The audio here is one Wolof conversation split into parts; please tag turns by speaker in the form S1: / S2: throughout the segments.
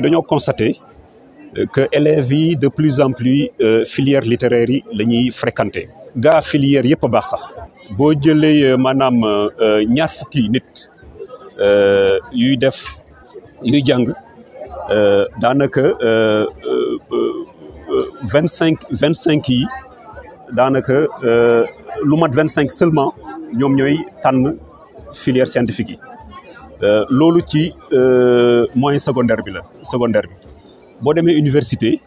S1: dañoo constaté euh, que élèves yi de plus en plus euh, filière littéraire yi la ñuy fréquenté gaa filière yëpp a baax sax boo jëlee euh, maanaam ñaar fukki nit yuy def yuy jàng daanaka vingt cinq vingt cinq yi daanaka lu mat vingt cinq seulement ñoom ñooy tànn filière scientifique euh, lolu ci euh, moyen secondaire bi la secondaire bi bo demee université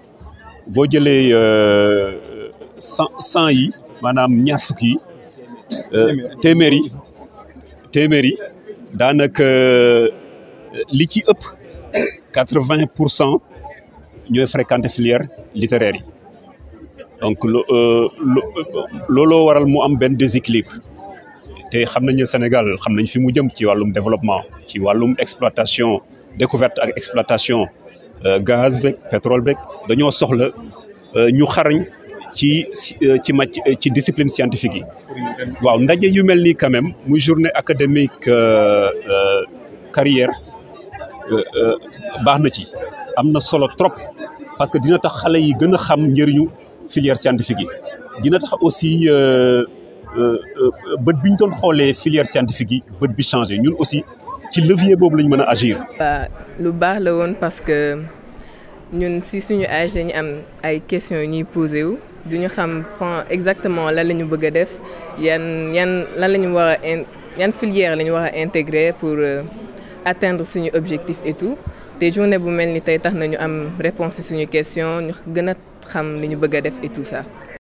S1: bo jëlé euh 100 yi manam ñaar fukk yi euh, téeméer yi téeméer yi daanaka li ci ëpp 80% ñoy filière littéraire donc lolu waral mu am ben déséquilibre Té xam Sénégal xamnañ fi mu jëm ci walum développement ci walum exploitation découverte ak exploitation euh, gaz beeg pétrole beeg dañoo soxla euh, ñu xarañ ci euh, ci ci discipline scientifique yi. waaw ndaje yu melni quand même muy journée académique carrière baax na ci amna solo trop parce que dina tax xalé yi gëna xam ñëriñu filière scientifique yi dina tax aussi. Euh, euh, bët bi ñu doon xoolee filière scientifique yi bët bi changé ñun aussi ci levier boobu lañ ñu mën a agir.
S2: waa lu baax la woon parce que ñun si suñu âge dañu am ay questions yu ñuy posé wu duñu xam fan exactement lan la ñu bëgg a def yan yan lan la ñu war a yan filière la ñu war a intégrer pour euh, atteindre suñu objectif et tout te journée bu mel ni tey tax nañu am réponse si suñu question ñu gën a xam li ñu bëgg a def et tout ça.